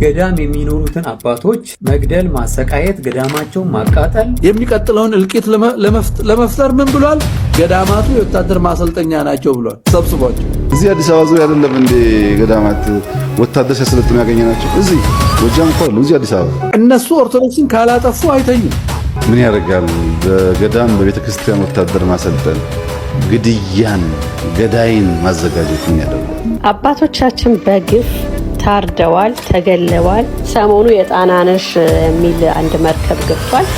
ገዳም የሚኖሩትን አባቶች መግደል፣ ማሰቃየት፣ ገዳማቸውን ማቃጠል የሚቀጥለውን እልቂት ለመፍጠር ምን ብሏል? ገዳማቱ የወታደር ማሰልጠኛ ናቸው ብሏል። ሰብስቧቸው እዚህ አዲስ አበባ ዙሪያ አይደለም እንዴ ገዳማት ወታደር ሲያሰለጥኑ ያገኘ ናቸው። እዚህ ወጃም እኮ አሉ፣ እዚህ አዲስ አበባ። እነሱ ኦርቶዶክስን ካላጠፉ አይተኙም። ምን ያደርጋል? በገዳም በቤተ ክርስቲያን ወታደር ማሰልጠን ግድያን፣ ገዳይን ማዘጋጀት ምን ያደርጋል? አባቶቻችን በግፍ ታርደዋል፣ ተገለዋል። ሰሞኑ የጣናነሽ የሚል አንድ መርከብ ገብቷል።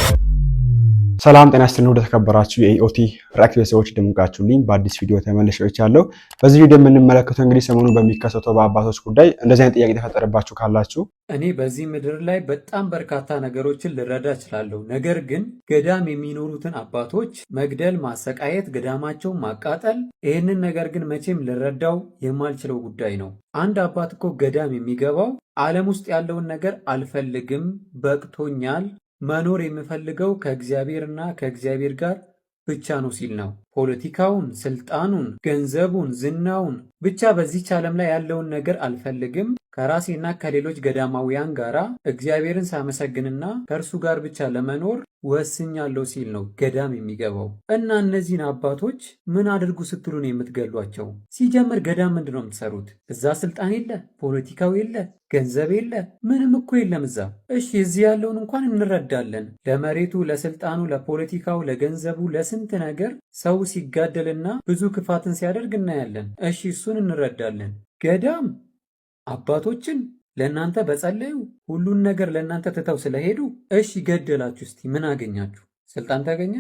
ሰላም ጤና ስትልን ወደ ተከበራችሁ የኢኦቲ ሪአክት ቤተሰቦች ደምቃችሁልኝ በአዲስ ቪዲዮ ተመልሼ በዚህ ቪዲዮ የምንመለከተው እንግዲህ ሰሞኑን በሚከሰተው በአባቶች ጉዳይ እንደዚህ አይነት ጥያቄ ተፈጠረባችሁ ካላችሁ እኔ በዚህ ምድር ላይ በጣም በርካታ ነገሮችን ልረዳ እችላለሁ። ነገር ግን ገዳም የሚኖሩትን አባቶች መግደል፣ ማሰቃየት፣ ገዳማቸውን ማቃጠል፣ ይህንን ነገር ግን መቼም ልረዳው የማልችለው ጉዳይ ነው። አንድ አባት እኮ ገዳም የሚገባው ዓለም ውስጥ ያለውን ነገር አልፈልግም፣ በቅቶኛል፣ መኖር የምፈልገው ከእግዚአብሔርና ከእግዚአብሔር ጋር ብቻ ነው ሲል ነው። ፖለቲካውን፣ ስልጣኑን፣ ገንዘቡን፣ ዝናውን ብቻ በዚች ዓለም ላይ ያለውን ነገር አልፈልግም ከራሴና ከሌሎች ገዳማውያን ጋራ እግዚአብሔርን ሳመሰግንና ከእርሱ ጋር ብቻ ለመኖር ወስኛለሁ ሲል ነው ገዳም የሚገባው። እና እነዚህን አባቶች ምን አድርጉ ስትሉን የምትገሏቸው? ሲጀምር ገዳም ምንድን ነው የምትሰሩት? እዛ ስልጣን የለ፣ ፖለቲካው የለ፣ ገንዘብ የለ፣ ምንም እኮ የለም እዛ። እሺ እዚህ ያለውን እንኳን እንረዳለን። ለመሬቱ፣ ለስልጣኑ፣ ለፖለቲካው፣ ለገንዘቡ፣ ለስንት ነገር ሰው ሲጋደልና ብዙ ክፋትን ሲያደርግ እናያለን። እሺ እሱን እንረዳለን። ገዳም አባቶችን ለእናንተ በጸለዩ ሁሉን ነገር ለእናንተ ትተው ስለሄዱ እሺ ገደላችሁ። እስቲ ምን አገኛችሁ? ስልጣን ተገኘ?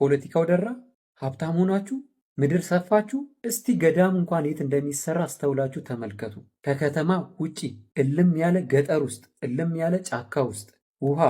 ፖለቲካው ደራ? ሀብታም ሆናችሁ? ምድር ሰፋችሁ? እስቲ ገዳም እንኳን የት እንደሚሰራ አስተውላችሁ ተመልከቱ። ከከተማ ውጪ እልም ያለ ገጠር ውስጥ እልም ያለ ጫካ ውስጥ ውሃ፣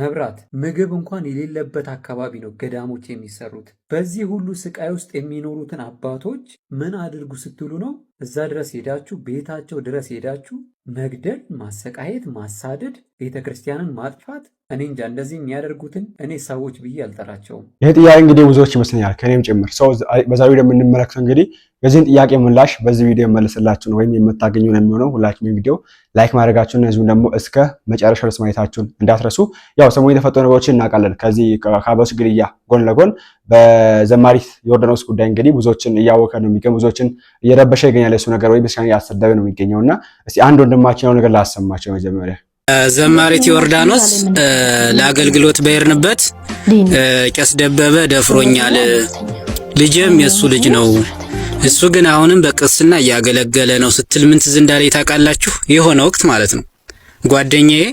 መብራት፣ ምግብ እንኳን የሌለበት አካባቢ ነው ገዳሞች የሚሰሩት። በዚህ ሁሉ ስቃይ ውስጥ የሚኖሩትን አባቶች ምን አድርጉ ስትሉ ነው እዛ ድረስ ሄዳችሁ ቤታቸው ድረስ ሄዳችሁ መግደል፣ ማሰቃየት፣ ማሳደድ፣ ቤተ ክርስቲያንን ማጥፋት እኔ እንጃ። እንደዚህ የሚያደርጉትን እኔ ሰዎች ብዬ አልጠራቸውም። ይህ ጥያቄ እንግዲህ ብዙዎች ይመስለኛል ከእኔም ጭምር ሰው በዛ ቪዲዮ የምንመለከተው እንግዲህ የዚህን ጥያቄ ምላሽ በዚህ ቪዲዮ የመለስላችሁ ነው ወይም የምታገኙ ነው የሚሆነው። ሁላችሁም ቪዲዮ ላይክ ማድረጋችሁን እዚሁም ደግሞ እስከ መጨረሻ ድረስ ማየታችሁን እንዳትረሱ። ያው ሰሞኑን የተፈጠሩ ነገሮችን እናውቃለን። ከዚህ ከአበሱ ግድያ ጎን ለጎን በዘማሪት ዮርዳኖስ ጉዳይ እንግዲህ ብዙዎችን እያወቀ ነው የሚገኝ፣ ብዙዎችን እየረበሸ ይገኛል። እሱ ነገር ወይ ምስጋና እያሰደበ ነው የሚገኘው እና እስቲ አንድ ወንድማችን ያው ነገር ላሰማቸው መጀመሪያ ዘማሪት ዮርዳኖስ ለአገልግሎት በሄድንበት ቄስ ደበበ ደፍሮኛል፣ ልጄም የእሱ ልጅ ነው፣ እሱ ግን አሁንም በቅስና እያገለገለ ነው ስትል ምን ትዝ እንዳለ ታውቃላችሁ? የሆነ ወቅት ማለት ነው ጓደኛዬ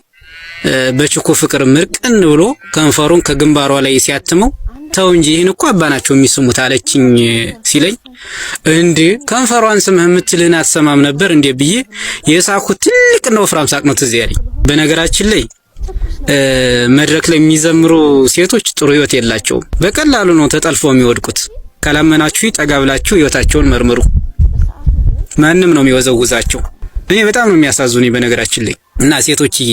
በችኩ ፍቅር ምርቅን ብሎ ከንፈሩን ከግንባሯ ላይ ሲያትመው ተው እንጂ ይህን እኮ አባ ናቸው የሚስሙት አለችኝ ሲለኝ፣ እንዴ ከንፈሯን ስምህ የምትልህን አትሰማም ነበር እንዴ ብዬ የሳኩት ትልቅ ነው ወፍራም ሳቅ ነው ትዝ ያለኝ። በነገራችን ላይ መድረክ ላይ የሚዘምሩ ሴቶች ጥሩ ህይወት የላቸውም። በቀላሉ ነው ተጠልፈው የሚወድቁት። ካላመናችሁ ጠጋ ብላችሁ ህይወታቸውን መርምሩ። ማንም ነው የሚወዘውዛቸው። እኔ በጣም ነው የሚያሳዙኝ በነገራችን ላይ እና ሴቶችዬ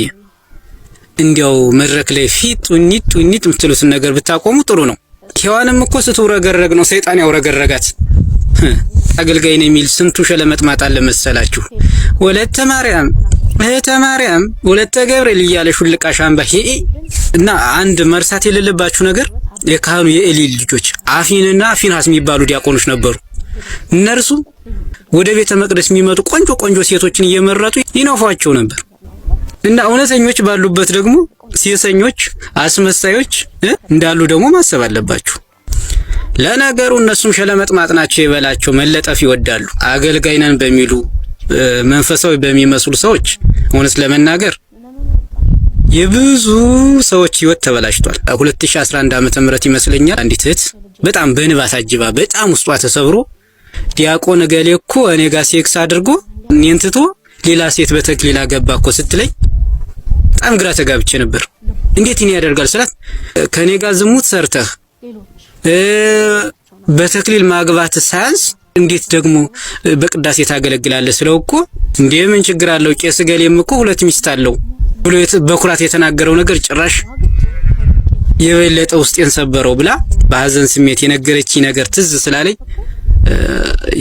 እንዲያው መድረክ ላይ ፊት ኒት ኒት የምትሉትን ነገር ብታቆሙ ጥሩ ነው። ሔዋንም እኮ ስትውረገረግ ነው ሰይጣን ያውረገረጋት። አገልጋይን የሚል ስንቱ ሸለመጥማጣ ለመሰላችሁ። ወለተ ማርያም እህተ ማርያም ወለተ ገብርኤል እያለ ሹልቃሽ አንባ እና አንድ መርሳት የሌለባችሁ ነገር የካህኑ የኤሊ ልጆች አፊንና ፊንሃስ የሚባሉ ዲያቆኖች ነበሩ። እነርሱ ወደ ቤተ መቅደስ የሚመጡ ቆንጆ ቆንጆ ሴቶችን እየመረጡ ይነፏቸው ነበር። እና እውነተኞች ባሉበት ደግሞ ሴሰኞች፣ አስመሳዮች እንዳሉ ደግሞ ማሰብ አለባችሁ። ለነገሩ እነሱም ሸለመጥማጥ ናቸው፣ የበላቸው መለጠፍ ይወዳሉ። አገልጋይ ነን በሚሉ መንፈሳዊ በሚመስሉ ሰዎች እውነት ለመናገር የብዙ ሰዎች ህይወት ተበላሽቷል። 2011 ዓመተ ምህረት ይመስለኛል አንዲት እህት በጣም በንባ ታጅባ በጣም ውስጧ ተሰብሮ ዲያቆን እገሌ እኮ እኔ ጋር ሴክስ አድርጎ እኔን ትቶ ሌላ ሴት በተክሊል አገባ እኮ ስትለኝ በጣም ግራ ተጋብቼ ነበር። እንዴት ይህን ያደርጋል ስላት ከኔ ጋር ዝሙት ሰርተህ በተክሊል ማግባት ሳያንስ እንዴት ደግሞ በቅዳሴ ታገለግላለህ ስለው እኮ እንዴ ምን ችግር አለው ቄስ ገሌም እኮ ሁለት ሚስት አለው ብሎ በኩራት የተናገረው ነገር ጭራሽ የበለጠ ውስጤን ሰበረው ብላ በሀዘን ስሜት የነገረች ነገር ትዝ ስላለኝ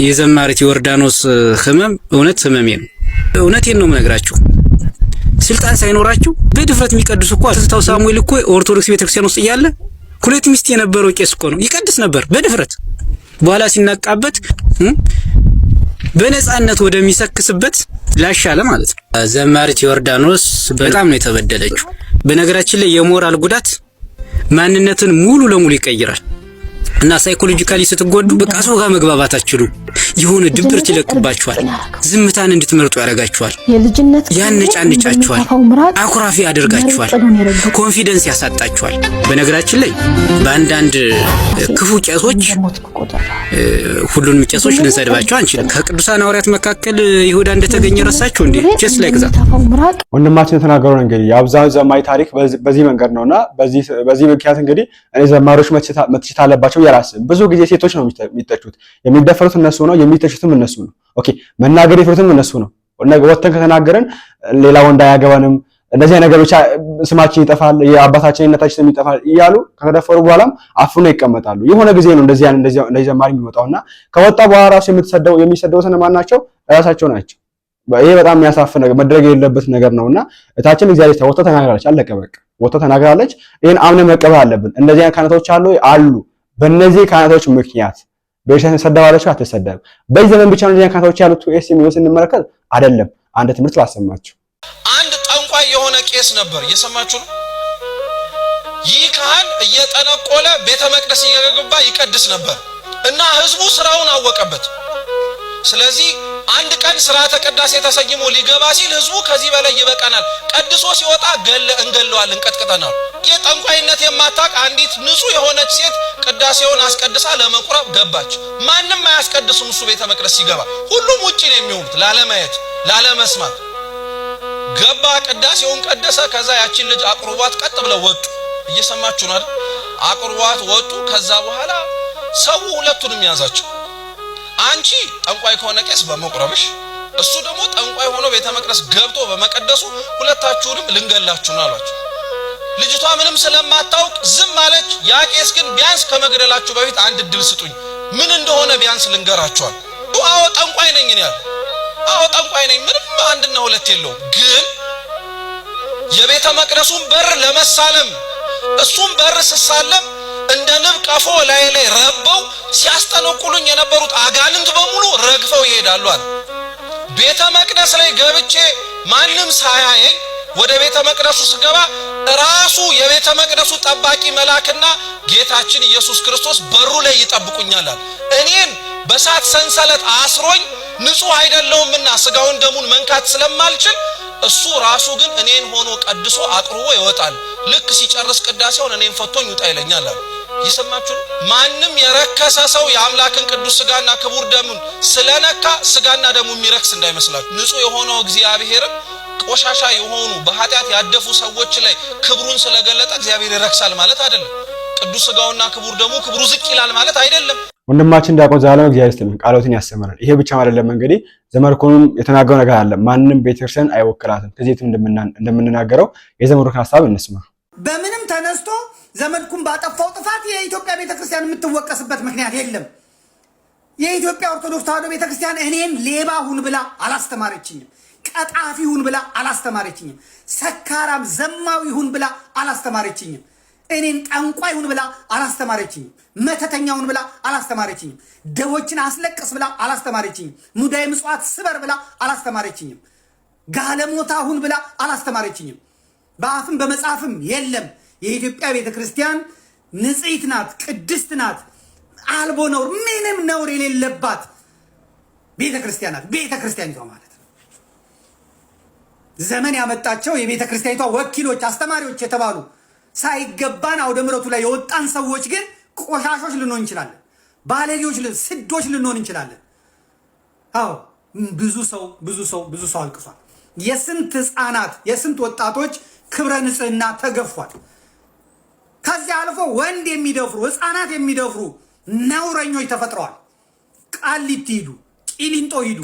የዘማሪት ዮርዳኖስ ህመም እውነት ህመሜ ነው። እውነቴን ነው የምነግራችሁ። ስልጣን ሳይኖራችሁ በድፍረት የሚቀድሱ እኮ ትዝታው ሳሙኤል እኮ ኦርቶዶክስ ቤተክርስቲያን ውስጥ እያለ ሁለት ሚስት የነበረው ቄስ እኮ ነው። ይቀድስ ነበር በድፍረት በኋላ ሲናቃበት በነጻነት ወደሚሰክስበት ላሻለ ማለት ነው። ዘማሪት ዮርዳኖስ በጣም ነው የተበደለችው። በነገራችን ላይ የሞራል ጉዳት ማንነትን ሙሉ ለሙሉ ይቀይራል። እና ሳይኮሎጂካሊ ስትጎዱ በቃ ሰው ጋር መግባባት አትችሉ የሆነ ድብርት ይለቅባችኋል። ዝምታን እንድትመርጡ ያደርጋችኋል። ያነጫንጫችኋል። አኩራፊ ያደርጋችኋል። ኮንፊደንስ ያሳጣችኋል። በነገራችን ላይ በአንዳንድ ክፉ ቄሶች፣ ሁሉንም ቄሶች ልንሰድባቸው አንችልም። ከቅዱሳን ሐዋርያት መካከል ይሁዳ እንደተገኘ ረሳችሁ እንዴ? ቄስ ላይ ግዛት ወንድማችን የተናገሩን እንግዲህ የአብዛን ዘማኝ ታሪክ በዚህ መንገድ ነውና በዚህ ምክንያት እንግዲህ እኔ ዘማሪዎች መተቸት አለባቸው የራስህ ብዙ ጊዜ ሴቶች ነው የሚጠቹት፣ የሚደፈሩት እነሱ ነው፣ የሚተቹትም እነሱ ነው። ኦኬ መናገር የፈሩትም እነሱ ነው። ወተን ከተናገረን ሌላ ወንድ አያገባንም፣ እንደዚህ ነገሮች ስማችን ይጠፋል፣ የአባታችን እናታችን ይጠፋል እያሉ ከተደፈሩ በኋላም አፍኖ ይቀመጣሉ። የሆነ ጊዜ ነው እንደዚህ እንደዚህ ዘማሪ የሚወጣውና ከወጣ በኋላ ራሱ የምትሰደው የሚሰደው ማን ናቸው? እራሳቸው ናቸው። ይሄ በጣም የሚያሳፍ ነገር መድረግ የሌለበት ነገር ነውና እታችን እግዚአብሔር ወጥታ ተናግራለች። አለቀ በቃ ወጥታ ተናግራለች። ይሄን አምነ መቀበል አለብን። እንደዚህ አይነት ካነቶች አሉ አሉ በእነዚህ ካህናቶች ምክንያት በኤርትራ ሰደባላችሁ አትሰደብ። በዚህ ዘመን ብቻ ነው ካህናቶች ያሉት ቄስ የሚለው ስንመለከት አይደለም። አንድ ትምህርት ላሰማችሁ። አንድ ጠንቋይ የሆነ ቄስ ነበር፣ እየሰማችሁ ነው። ይህ ካህን እየጠነቆለ ቤተ መቅደስ እየገባ ይቀድስ ነበር እና ህዝቡ ስራውን አወቀበት። ስለዚህ አንድ ቀን ስርዓተ ቅዳሴ ተሰይሞ ሊገባ ሲል ህዝቡ ከዚህ በላይ ይበቃናል፣ ቀድሶ ሲወጣ ገለ እንገለዋለን፣ ቀጥቅጠናል። የጠንቋይነት የማታቅ አንዲት ንጹህ የሆነች ሴት ቅዳሴውን አስቀድሳ ለመቁረብ ገባች። ማንም አያስቀድስም። እሱ ቤተ መቅደስ ሲገባ ሁሉም ውጭ ነው የሚሆኑት፣ ላለማየት ላለመስማት። ገባ፣ ቅዳሴውን ቀደሰ። ከዛ ያችን ልጅ አቁርቧት ቀጥ ብለው ወጡ። እየሰማችሁ ነው አይደል? አቁርቧት ወጡ። ከዛ በኋላ ሰው ሁለቱንም ያዛቸው። አንቺ ጠንቋይ ከሆነ ቄስ በመቁረብሽ እሱ ደግሞ ጠንቋይ ሆኖ ቤተ መቅደስ ገብቶ በመቀደሱ ሁለታችሁንም ልንገላችሁ ነው አሏቸው። ልጅቷ ምንም ስለማታውቅ ዝም አለች። ያ ቄስ ግን ቢያንስ ከመግደላችሁ በፊት አንድ እድል ስጡኝ፣ ምን እንደሆነ ቢያንስ ልንገራችኋል። አዎ ጠንቋይ ነኝ እኔ ያለ አዎ ጠንቋይ ነኝ። ምንም አንድና ሁለት የለውም። ግን የቤተ መቅደሱን በር ለመሳለም እሱም በር ስሳለም እንደ ንብ ቀፎ ላይ ላይ ረበው ሲያስጠነቁሉኝ የነበሩት አጋንንት በሙሉ ረግፈው ይሄዳሉ አለ። ቤተ መቅደስ ላይ ገብቼ ማንም ሳያየኝ ወደ ቤተ መቅደሱ ስገባ ራሱ የቤተ መቅደሱ ጠባቂ መልአክና ጌታችን ኢየሱስ ክርስቶስ በሩ ላይ ይጠብቁኛል አለ። እኔን በሳት ሰንሰለት አስሮኝ ንጹህ አይደለሁምና ስጋውን ደሙን መንካት ስለማልችል እሱ ራሱ ግን እኔን ሆኖ ቀድሶ አቅርቦ ይወጣል። ልክ ሲጨርስ ቅዳሴውን እኔን ፈቶኝ ውጣ ይለኛል አለ። ይሰማችሁ። ማንም የረከሰ ሰው የአምላክን ቅዱስ ስጋና ክቡር ደሙን ስለነካ ስጋና ደሙ የሚረክስ እንዳይመስላችሁ። ንጹህ የሆነው እግዚአብሔርም ቆሻሻ የሆኑ በኃጢአት ያደፉ ሰዎች ላይ ክብሩን ስለገለጠ እግዚአብሔር ይረክሳል ማለት አይደለም። ቅዱስ ስጋውና ክቡር ደግሞ ክብሩ ዝቅ ይላል ማለት አይደለም። ወንድማችን ዲያቆን ዘላለም እግዚአብሔር ይስጥልን ቃሎትን ያሰምራል። ይሄ ብቻ አይደለም እንግዲህ ዘመድኩንም የተናገረው ነገር አለ። ማንም ቤተክርስቲያን አይወክላትም። ከዚህ እንደምንናገረው የዘመድኩን ሀሳብ እንስማ። በምንም ተነስቶ ዘመድኩን ባጠፋው ጥፋት የኢትዮጵያ ቤተክርስቲያን የምትወቀስበት ምክንያት የለም። የኢትዮጵያ ኦርቶዶክስ ተዋዶ ቤተክርስቲያን እኔን ሌባ ሁን ብላ አላስተማረችኝም። ቀጣፊ ሁን ብላ አላስተማረችኝም። ሰካራም ዘማዊ ሁን ብላ አላስተማረችኝም። እኔን ጠንቋዩን ብላ አላስተማረችኝም። መተተኛውን ብላ አላስተማረችኝም። ደቦችን አስለቅስ ብላ አላስተማረችኝም። ሙዳይ ምጽዋት ስበር ብላ አላስተማረችኝም። ጋለሞታ ሁን ብላ አላስተማረችኝም። በአፍም በመጽሐፍም የለም። የኢትዮጵያ ቤተ ክርስቲያን ንጽሕት ናት፣ ቅድስት ናት፣ አልቦ ነውር፣ ምንም ነውር የሌለባት ቤተ ክርስቲያን ናት። ቤተ ክርስቲያኒቷ ማለት ነው ዘመን ያመጣቸው የቤተ ክርስቲያኒቷ ወኪሎች አስተማሪዎች የተባሉ ሳይገባን አውደ ምረቱ ላይ የወጣን ሰዎች ግን ቆሻሾች ልንሆን እንችላለን። ባለጌዎች፣ ስዶች ልንሆን እንችላለን። አዎ ብዙ ሰው ብዙ ሰው ብዙ ሰው አልቅሷል። የስንት ህፃናት የስንት ወጣቶች ክብረ ንጽህና ተገፏል። ከዚያ አልፎ ወንድ የሚደፍሩ ህፃናት የሚደፍሩ ነውረኞች ተፈጥረዋል። ቃሊቲ ሂዱ፣ ቂሊንጦ ሂዱ፣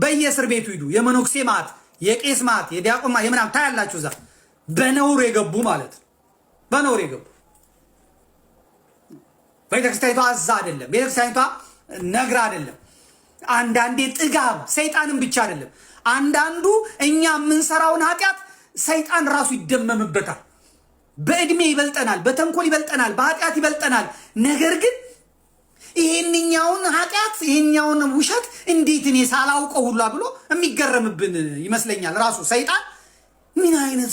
በየእስር ቤቱ ሂዱ። የመኖክሴ ማት፣ የቄስ ማት፣ የዲያቆን ማት የምናምን ታያላችሁ። እዛ በነውሩ የገቡ ማለት ነው። በነውር የገቡ ቤተክርስቲያኒቷ አዛ አይደለም፣ ቤተክርስቲያኒቷ ነግር አይደለም። አንዳንዴ ጥጋብ ሰይጣንም ብቻ አይደለም። አንዳንዱ እኛ የምንሰራውን ኃጢአት ሰይጣን ራሱ ይደመምበታል። በእድሜ ይበልጠናል፣ በተንኮል ይበልጠናል፣ በኃጢአት ይበልጠናል። ነገር ግን ይህንኛውን ኃጢአት ይህኛውን ውሸት እንዴት እኔ ሳላውቀው ሁላ ብሎ የሚገረምብን ይመስለኛል ራሱ ሰይጣን ምን አይነት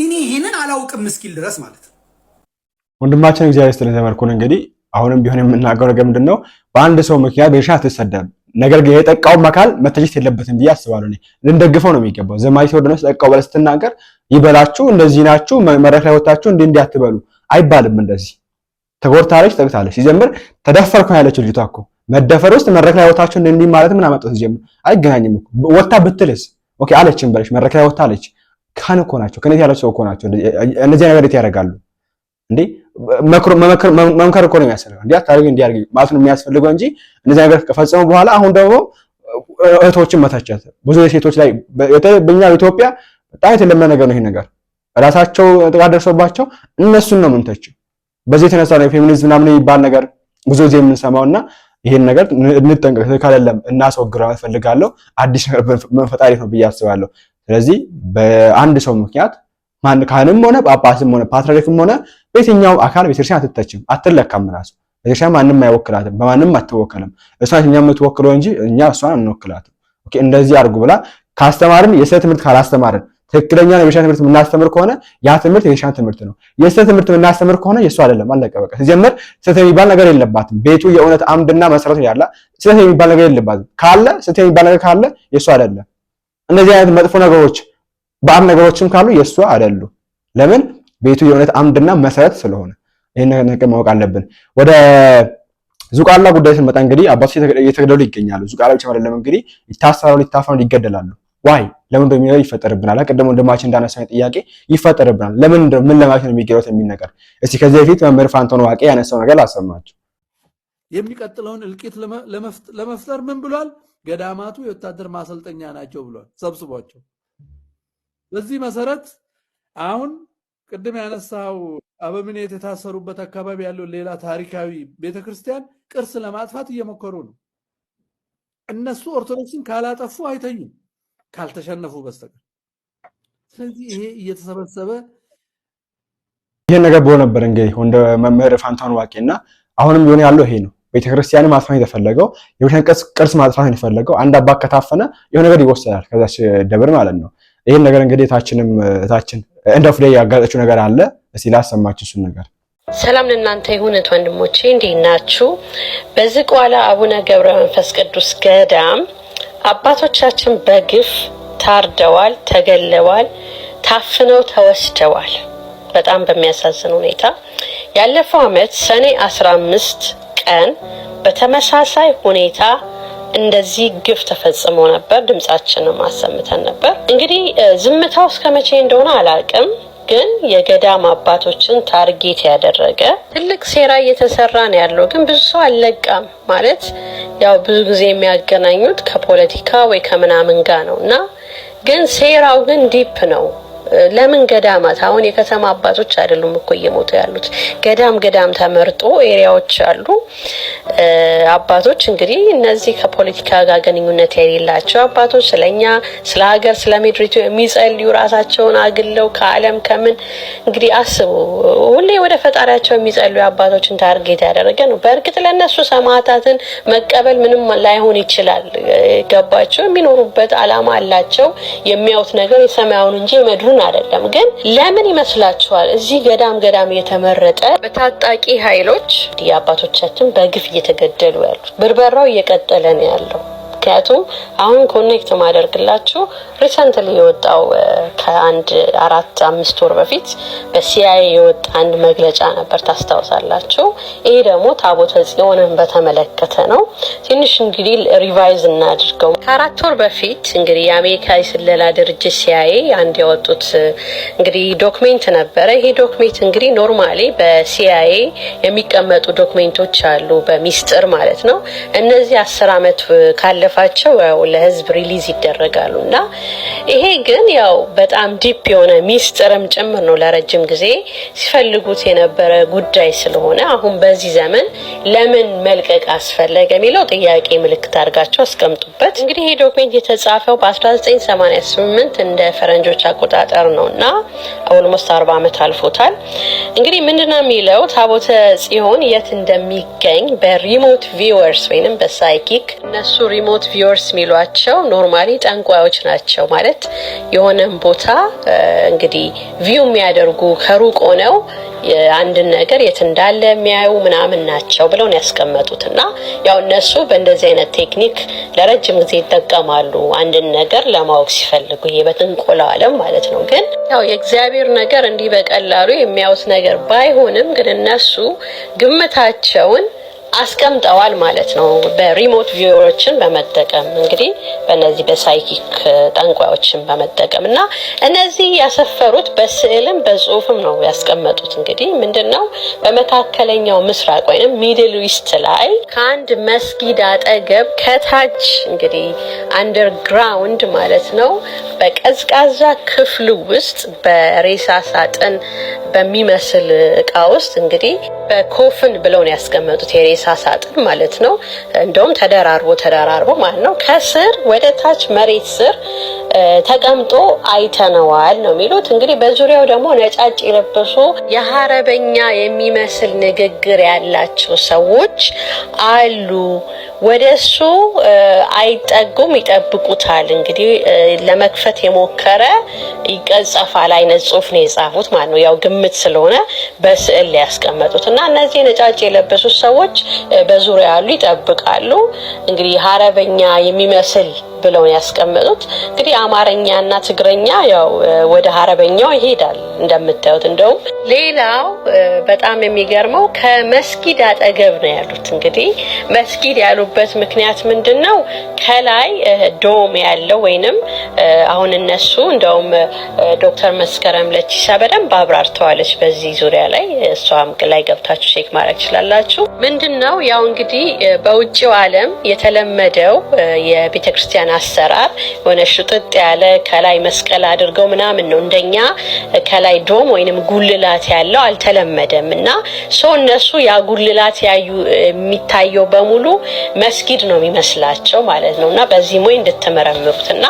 እኔ ይሄንን አላውቅም እስኪል ድረስ ማለት ነው። ወንድማችን እግዚአብሔር ይስጥልን። ተመርኩን እንግዲህ አሁንም ቢሆን የምናገረው ነገር ምንድን ነው? በአንድ ሰው ምክንያት በሻ አትሰደብም። ነገር ግን የጠቃውም አካል መተቸት የለበትም ብዬ አስባለሁ። እኔ ልንደግፈው ነው የሚገባው። ዘማዊ ቴዎድሮስ ጠቃው ብለህ ስትናገር ይበላችሁ፣ እንደዚህ ናችሁ፣ መድረክ ላይ ወታችሁ እንዲህ እንዲህ አትበሉ አይባልም። እንደዚህ ተጎድታለች፣ ጠቅታለች። ሲጀምር ተደፈርኩ ያለችው ልጅቷ እኮ መደፈር ውስጥ መድረክ ላይ ወታችሁ እንዲህ ማለት ምን አመጣው? ሲጀምር አይገናኝም ወታ ብትልስ ኦኬ አለችም በለች መድረክ ላይ ወታለች ካን እኮ ናቸው ከእንዴት ያላቸው እኮ ናቸው። እነዚህ ነገር እንዴት ያደርጋሉ እንዴ? መምከር እኮ ነው የሚያስፈልገው። እንዲ አታደርግ እንዲያርግ ማለት ነው የሚያስፈልገው እንጂ እነዚህ ነገር ከፈጸሙ በኋላ አሁን ደግሞ እህቶችን መተቸት ብዙ ሴቶች ላይ በኛ በኢትዮጵያ በጣም የተለመደ ነገር ነው ይሄ ነገር። ራሳቸው ጥቃት ደርሶባቸው እነሱን ነው የምንተችው። በዚህ የተነሳ ነው ፌሚኒዝም ምናምን የሚባል ነገር ብዙ ጊዜ የምንሰማው እና ይሄን ነገር እንጠንቀቅ። ትክክል አይደለም፣ እናስወግረው እፈልጋለሁ። አዲስ ነገር መፈጣሪ ነው ብዬ አስባለሁ። ስለዚህ በአንድ ሰው ምክንያት ማን ካህንም ሆነ ጳጳስም ሆነ ፓትርያርክም ሆነ በየትኛውም አካል ቤተክርስቲያን አትተችም፣ አትለካም። ራሱ ቤተክርስቲያን ማንም አይወክላትም፣ በማንም አትወከልም። እሷ እኛ የምትወክለው እንጂ እኛ እሷን አንወክላትም። ኦኬ እንደዚህ አድርጉ ብላ ካስተማርን የስህተት ትምህርት ካላስተማርን ትክክለኛ ነው የቤተክርስቲያን ትምህርት የምናስተምር ከሆነ ያ ትምህርት የቤተክርስቲያን ትምህርት ነው። የስህተት ትምህርት የምናስተምር ከሆነ የእሱ አይደለም። አለቀ በቃ። ሲጀምር ስህተት የሚባል ነገር የለባትም። ቤቱ የእውነት አምድና መሰረቱ ያላ ስህተት የሚባል ነገር የለባትም። ካለ ስህተት የሚባል ነገር ካለ የእሱ አይደለም። እነዚህ አይነት መጥፎ ነገሮች በአም ነገሮችም ካሉ የእሷ አይደሉ። ለምን ቤቱ የእውነት አምድና መሰረት ስለሆነ ይህን ነገር ማወቅ አለብን። ወደ ዙቃላ ጉዳይ ስንመጣ እንግዲህ አባቶች እየተገደሉ ይገኛሉ። ዙቃላ ብቻ አይደለም እንግዲህ ይታሰራሉ፣ ይታፈናሉ፣ ይገደላሉ። ዋይ ለምን በሚለው ይፈጠርብናል። ቅድሞ ወንድማችን እንዳነሳኝ ጥያቄ ይፈጠርብናል። ለምን ምን ለማለት ነው የሚገደሉት የሚል ነገር እስቲ ከዚህ በፊት መምህር ፋንቶን ዋቄ ያነሳው ነገር ላሰማችሁ። የሚቀጥለውን እልቂት ለመፍጠር ምን ብሏል? ገዳማቱ የወታደር ማሰልጠኛ ናቸው ብሏል። ሰብስቧቸው በዚህ መሰረት አሁን ቅድም ያነሳው አበምኔት የታሰሩበት አካባቢ ያለው ሌላ ታሪካዊ ቤተክርስቲያን ቅርስ ለማጥፋት እየሞከሩ ነው። እነሱ ኦርቶዶክስን ካላጠፉ አይተኙም፣ ካልተሸነፉ በስተቀር። ስለዚህ ይሄ እየተሰበሰበ ይሄን ነገር ብሎ ነበር እንግዲህ ወንደ መምህር ፋንታሁን ዋቄ እና አሁንም ቢሆን ያለው ይሄ ነው። ቤተክርስቲያን ማጥፋት የተፈለገው የቤተክርስቲያን ቅርስ ማጥፋት የተፈለገው አንድ አባት ከታፈነ የሆነ ነገር ይወሰዳል ከዛች ደብር ማለት ነው። ይህን ነገር እንግዲህ እታችንም እታችን እንደ ፍሬ ያጋጠችው ነገር አለ። እስቲ ላሰማችሁ እሱን ነገር። ሰላም ለእናንተ ይሁነት ወንድሞቼ፣ እንዴት ናችሁ? በዚህ ቋላ አቡነ ገብረ መንፈስ ቅዱስ ገዳም አባቶቻችን በግፍ ታርደዋል፣ ተገለዋል፣ ታፍነው ተወስደዋል። በጣም በሚያሳዝን ሁኔታ ያለፈው አመት ሰኔ 15 ቀን በተመሳሳይ ሁኔታ እንደዚህ ግፍ ተፈጽሞ ነበር። ድምጻችንም አሰምተን ነበር። እንግዲህ ዝምታው እስከ መቼ እንደሆነ አላውቅም፣ ግን የገዳም አባቶችን ታርጌት ያደረገ ትልቅ ሴራ እየተሰራ ነው ያለው። ግን ብዙ ሰው አለቃም ማለት ያው ብዙ ጊዜ የሚያገናኙት ከፖለቲካ ወይ ከምናምን ጋር ነው እና ግን ሴራው ግን ዲፕ ነው ለምን ገዳማት አሁን የከተማ አባቶች አይደሉም እኮ እየሞቱ ያሉት። ገዳም ገዳም ተመርጦ ኤሪያዎች አሉ። አባቶች እንግዲህ እነዚህ ከፖለቲካ ጋር ግንኙነት የሌላቸው አባቶች ስለኛ፣ ስለ ሀገር፣ ስለ ምድሪቱ የሚጸልዩ ራሳቸውን አግለው ከአለም ከምን እንግዲህ አስቡ። ሁሌ ወደ ፈጣሪያቸው የሚጸልዩ አባቶችን ታርጌት ያደረገ ነው። በእርግጥ ለእነሱ ሰማዕታትን መቀበል ምንም ላይሆን ይችላል። ገባቸው። የሚኖሩበት አላማ አላቸው። የሚያዩት ነገር የሰማያውን እንጂ የምድሩ እያሉን አይደለም። ግን ለምን ይመስላችኋል እዚህ ገዳም ገዳም እየተመረጠ በታጣቂ ኃይሎች አባቶቻችን በግፍ እየተገደሉ ያሉት? ብርበራው እየቀጠለ ነው ያለው። ምክንያቱም አሁን ኮኔክት ማደርግላችሁ ሪሰንትሊ የወጣው ከአንድ አራት አምስት ወር በፊት በሲአይኤ የወጣ አንድ መግለጫ ነበር፣ ታስታውሳላችሁ። ይሄ ደግሞ ታቦተ ጽዮንን በተመለከተ ነው። ትንሽ እንግዲህ ሪቫይዝ እናድርገው። ከአራት ወር በፊት እንግዲህ የአሜሪካ የስለላ ድርጅት ሲአይኤ አንድ ያወጡት እንግዲህ ዶክሜንት ነበረ። ይሄ ዶክሜንት እንግዲህ ኖርማሊ በሲአይኤ የሚቀመጡ ዶክሜንቶች አሉ፣ በሚስጥር ማለት ነው። እነዚህ አስር አመት ካለፈ ሲያልፋቸው ያው ለህዝብ ሪሊዝ ይደረጋሉ እና ይሄ ግን ያው በጣም ዲፕ የሆነ ሚስጥርም ጭምር ነው። ለረጅም ጊዜ ሲፈልጉት የነበረ ጉዳይ ስለሆነ አሁን በዚህ ዘመን ለምን መልቀቅ አስፈለገ የሚለው ጥያቄ ምልክት አድርጋቸው አስቀምጡበት። እንግዲህ ይሄ ዶክሜንት የተጻፈው በ1988 እንደ ፈረንጆች አቆጣጠር ነው እና ኦልሞስት አርባ ዓመት አልፎታል። እንግዲህ ምንድነው የሚለው ታቦተ ጽዮን የት እንደሚገኝ በሪሞት ቪወርስ ወይም በሳይኪክ እነሱ ሪሞት ሪሞት ቪወርስ የሚሏቸው ኖርማሊ ጠንቋዮች ናቸው። ማለት የሆነን ቦታ እንግዲህ ቪው የሚያደርጉ ከሩቅ ሆነው አንድን ነገር የት እንዳለ የሚያዩ ምናምን ናቸው ብለው ነው ያስቀመጡት። እና ያው እነሱ በእንደዚህ አይነት ቴክኒክ ለረጅም ጊዜ ይጠቀማሉ አንድን ነገር ለማወቅ ሲፈልጉ፣ ይሄ በጥንቆላ ዓለም ማለት ነው። ግን ያው የእግዚአብሔር ነገር እንዲህ በቀላሉ የሚያዩት ነገር ባይሆንም ግን እነሱ ግምታቸውን አስቀምጠዋል ማለት ነው። በሪሞት ቪዎችን በመጠቀም እንግዲህ በነዚህ በሳይኪክ ጠንቋዮችን በመጠቀም እና እነዚህ ያሰፈሩት በስዕልም በጽሁፍም ነው ያስቀመጡት። እንግዲህ ምንድን ነው በመካከለኛው ምስራቅ ወይም ሚድል ዊስት ላይ ከአንድ መስጊድ አጠገብ ከታች እንግዲህ አንደርግራውንድ ማለት ነው በቀዝቃዛ ክፍሉ ውስጥ በሬሳ ሳጥን በሚመስል እቃ ውስጥ እንግዲህ በኮፍን ብለው ያስቀመጡት። የሬሳ ሳጥን ማለት ነው። እንደውም ተደራርቦ ተደራርቦ ማለት ነው ከስር ወደ ታች መሬት ስር ተቀምጦ አይተነዋል ነው የሚሉት። እንግዲህ በዙሪያው ደግሞ ነጫጭ የለበሱ የሀረበኛ የሚመስል ንግግር ያላቸው ሰዎች አሉ። ወደ እሱ አይጠጉም፣ ይጠብቁታል። እንግዲህ ለመክፈት የሞከረ ይቀጸፋል አይነት ጽሁፍ ነው የጻፉት ማለት ነው ያው ግምት ስለሆነ በስዕል ላይ እና እነዚህ ነጫጭ የለበሱት ሰዎች በዙሪያ ያሉ ይጠብቃሉ። እንግዲህ ሀረበኛ የሚመስል ብለው ያስቀመጡት እንግዲህ አማርኛና ትግረኛ ያው ወደ ሀረበኛው ይሄዳል እንደምታዩት እንደውም ሌላው በጣም የሚገርመው ከመስጊድ አጠገብ ነው ያሉት። እንግዲህ መስጊድ ያሉበት ምክንያት ምንድን ነው? ከላይ ዶም ያለው ወይንም አሁን እነሱ እንደውም ዶክተር መስከረም ለቺሳ በደንብ አብራርተዋለች በዚህ ዙሪያ ላይ እሷም ላይ ገብታችሁ ሼክ ማድረግ ትችላላችሁ። ምንድን ነው ያው እንግዲህ በውጭው ዓለም የተለመደው የቤተክርስቲያን አሰራር የሆነ ሽጥጥ ያለ ከላይ መስቀል አድርገው ምናምን ነው። እንደኛ ከላይ ዶም ወይንም ጉልላት ያለው አልተለ አልተለመደም እና ሰው እነሱ ያጉልላት ያዩ የሚታየው በሙሉ መስጊድ ነው የሚመስላቸው ማለት ነው እና በዚህ ሞይ እንድትመረምሩት እና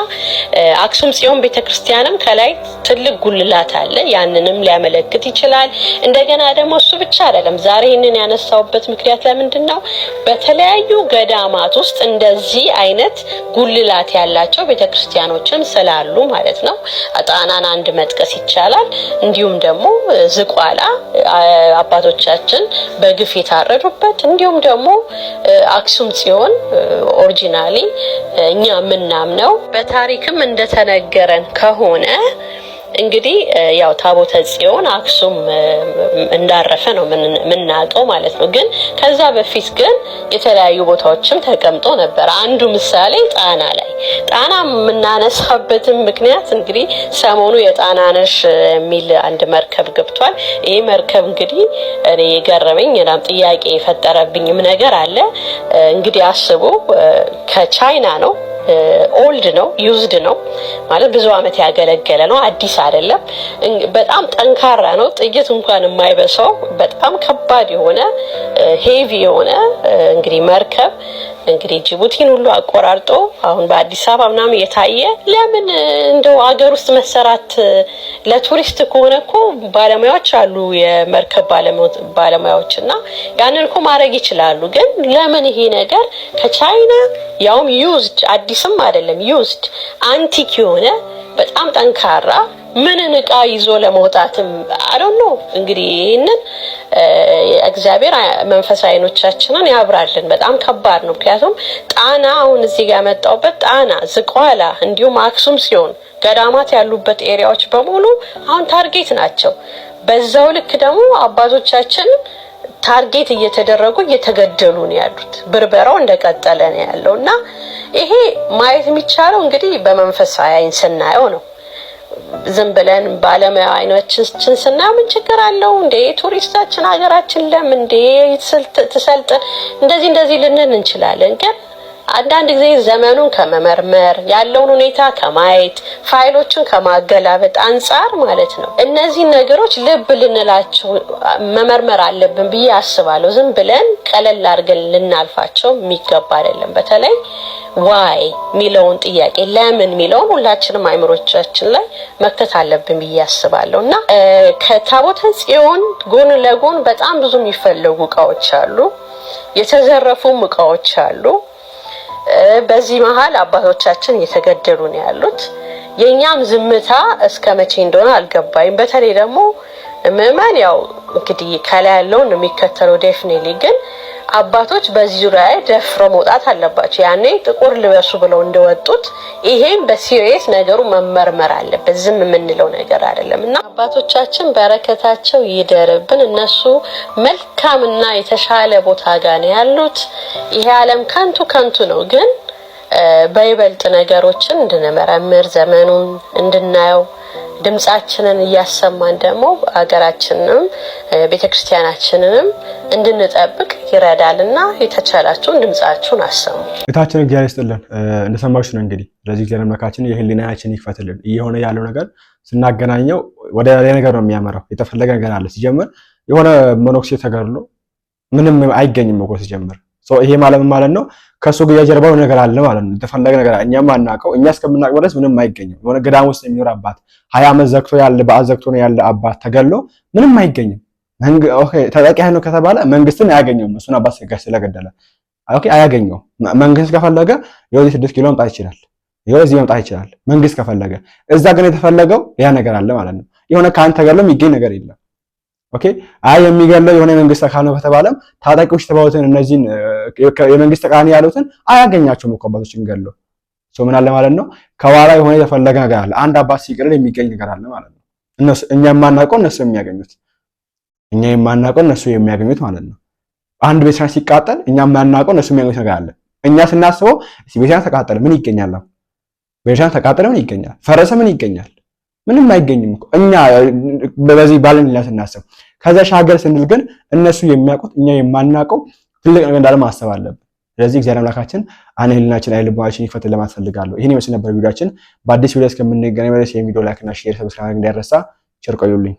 አክሱም ጽዮን ቤተክርስቲያንም ከላይ ትልቅ ጉልላት አለ። ያንንም ሊያመለክት ይችላል። እንደገና ደግሞ እሱ ብቻ አይደለም። ዛሬ ይህንን ያነሳውበት ምክንያት ለምንድን ነው? በተለያዩ ገዳማት ውስጥ እንደዚህ አይነት ጉልላት ያላቸው ቤተክርስቲያኖችም ስላሉ ማለት ነው። ጣናን አንድ መጥቀስ ይቻላል። እንዲሁም ደግሞ ዝቋላ አባቶቻችን በግፍ የታረዱበት እንዲሁም ደግሞ አክሱም ጽዮን ኦሪጂናሊ እኛ የምናምነው በታሪክም እንደተነገረን ከሆነ እንግዲህ ያው ታቦተ ጽዮን አክሱም እንዳረፈ ነው የምናውቀው ማለት ነው። ግን ከዛ በፊት ግን የተለያዩ ቦታዎችም ተቀምጦ ነበረ። አንዱ ምሳሌ ጣና ላይ ጣና የምናነሳበትም ምክንያት እንግዲህ ሰሞኑ የጣናነሽ የሚል አንድ መርከብ ገብቷል። ይህ መርከብ እንግዲህ እኔ የገረመኝ ናም ጥያቄ የፈጠረብኝም ነገር አለ። እንግዲህ አስቡ ከቻይና ነው ኦልድ ነው፣ ዩዝድ ነው ማለት ብዙ አመት ያገለገለ ነው፣ አዲስ አይደለም። በጣም ጠንካራ ነው፣ ጥይት እንኳን የማይበሳው በጣም ከባድ የሆነ ሄቪ የሆነ እንግዲህ መርከብ እንግዲህ ጅቡቲን ሁሉ አቆራርጦ አሁን በአዲስ አበባ ምናምን የታየ ለምን እንደው አገር ውስጥ መሰራት ለቱሪስት ከሆነ እኮ ባለሙያዎች አሉ፣ የመርከብ ባለሙያዎች እና ያንን እኮ ማድረግ ይችላሉ። ግን ለምን ይሄ ነገር ከቻይና ያውም ዩዝድ አዲስም አይደለም ዩዝድ አንቲክ የሆነ በጣም ጠንካራ ምንን እቃ ይዞ ለመውጣትም አዶን ነው እንግዲህ ይህንን እግዚአብሔር መንፈሳ አይኖቻችንን ያብራልን። በጣም ከባድ ነው። ምክንያቱም ጣና አሁን እዚህ ጋር ያመጣውበት ጣና፣ ዝቋላ እንዲሁም አክሱም ሲሆን ገዳማት ያሉበት ኤሪያዎች በሙሉ አሁን ታርጌት ናቸው። በዛው ልክ ደግሞ አባቶቻችን ታርጌት እየተደረጉ እየተገደሉ ነው ያሉት። ብርበራው እንደቀጠለ ነው ያለው እና ይሄ ማየት የሚቻለው እንግዲህ በመንፈሳዊ አይን ስናየው ነው። ዝም ብለን ባለሙያ አይኖችን ስና ምን ችግር አለው እንዴ? ቱሪስታችን ሀገራችን ለምን እንዴ ትሰልጥ እንደዚህ እንደዚህ ልንን እንችላለን ግን አንዳንድ ጊዜ ዘመኑን ከመመርመር ያለውን ሁኔታ ከማየት ፋይሎችን ከማገላበጥ አንጻር ማለት ነው እነዚህ ነገሮች ልብ ልንላቸው መመርመር አለብን ብዬ አስባለሁ። ዝም ብለን ቀለል አድርገን ልናልፋቸው የሚገባ አይደለም። በተለይ ዋይ የሚለውን ጥያቄ ለምን የሚለውን ሁላችንም አይምሮቻችን ላይ መክተት አለብን ብዬ አስባለሁ እና ከታቦተ ጽዮን ጎን ለጎን በጣም ብዙ የሚፈለጉ እቃዎች አሉ። የተዘረፉም እቃዎች አሉ። በዚህ መሀል አባቶቻችን እየተገደሉ ነው ያሉት። የእኛም ዝምታ እስከ መቼ እንደሆነ አልገባኝም። በተለይ ደግሞ ምዕመን ያው እንግዲህ ከላይ ያለውን የሚከተለው ዴፍኔሊ ግን አባቶች በዚህ ዙሪያ ላይ ደፍረው መውጣት አለባቸው። ያኔ ጥቁር ልበሱ ብለው እንደወጡት ይሄም በሲሪየስ ነገሩ መመርመር አለበት። ዝም የምንለው ነገር አይደለም እና አባቶቻችን በረከታቸው ይደርብን። እነሱ መልካምና የተሻለ ቦታ ጋር ነው ያሉት። ይሄ ዓለም ከንቱ ከንቱ ነው ግን በይበልጥ ነገሮችን እንድንመረምር ዘመኑን እንድናየው ድምጻችንን እያሰማን ደግሞ ሀገራችንንም ቤተክርስቲያናችንንም እንድንጠብቅ ይረዳል እና የተቻላችሁን ድምጻችሁን አሰሙ። ጌታችን እግዚአብሔር ይስጥልን። እንደሰማችሁ ነው እንግዲህ። ስለዚህ እግዚአብሔር አምላካችን የህሊናችን ይክፈትልን። እየሆነ ያለው ነገር ስናገናኘው ወደ ሌላ ነገር ነው የሚያመራው። የተፈለገ ነገር አለ ሲጀምር የሆነ መነኩሴ ተገድሎ ምንም አይገኝም እኮ ሲጀምር ይሄ ማለም ማለት ነው ከእሱ ግያ ጀርባው ነገር አለ ማለት ነው። የተፈለገ ነገር አለ፣ እኛም አናውቀው። እኛ እስከምናውቀው ድረስ ምንም አይገኝም። የሆነ ገዳም ውስጥ የሚኖር አባት ሀያ ዓመት ዘግቶ ያለ በዓት ዘግቶ ነው ያለ አባት ተገሎ ምንም አይገኝም። ተጠቂ ነው ከተባለ መንግስትን አያገኘውም። እሱን አባት ስለገደለ አያገኘው። መንግስት ከፈለገ የወደ ስድስት ኪሎ መምጣት ይችላል፣ የወደ እዚህ መምጣት ይችላል መንግስት ከፈለገ። እዛ ግን የተፈለገው ያ ነገር አለ ማለት ነው። የሆነ ከአንተ ገሎ የሚገኝ ነገር የለም። ኦኬ አይ የሚገለው የሆነ የመንግስት አካል ነው ከተባለም ታጣቂዎች የተባሉትን እነዚህን የመንግስት ተቃራኒ ያሉትን አያገኛቸውም እኮ አባቶችን ገለው ሰው ምን አለ ማለት ነው። ከኋላ የሆነ የተፈለገ ነገር አለ። አንድ አባት ሲገለል የሚገኝ ነገር አለ ማለት ነው። እነሱ እኛ የማናውቀው እነሱ የሚያገኙት እኛ የማናውቀው እነሱ የሚያገኙት ማለት ነው። አንድ ቤተሰብ ሲቃጠል እኛ የማናውቀው እነሱ የሚያገኙት ነገር አለ። እኛ ስናስበው ቤተሰብ ተቃጠለ ምን ይገኛል? ቤተሰብ ተቃጠለ ምን ይገኛል? ፈረሰ ምን ይገኛል? ምንም አይገኝም እኮ እኛ በዚህ ባለን ሌላ ስናስብ። ከዛ ሻገር ስንል ግን እነሱ የሚያውቁት እኛ የማናውቀው ትልቅ ነገር እንዳለ ማሰብ አለብን። ስለዚህ እግዚአብሔር አምላካችን አነ ህሊናችን አይል ልቦናችን ይክፈት ለማለት ፈልጋለሁ። ይህን ይመስል ነበር ቪዲዮችን። በአዲስ ቪዲዮ እስከምንገናኝ ድረስ የሚዲዮ ላይክና ሼር ሰብስክራይብ እንዳይረሳ። ቸር ቆዩልኝ።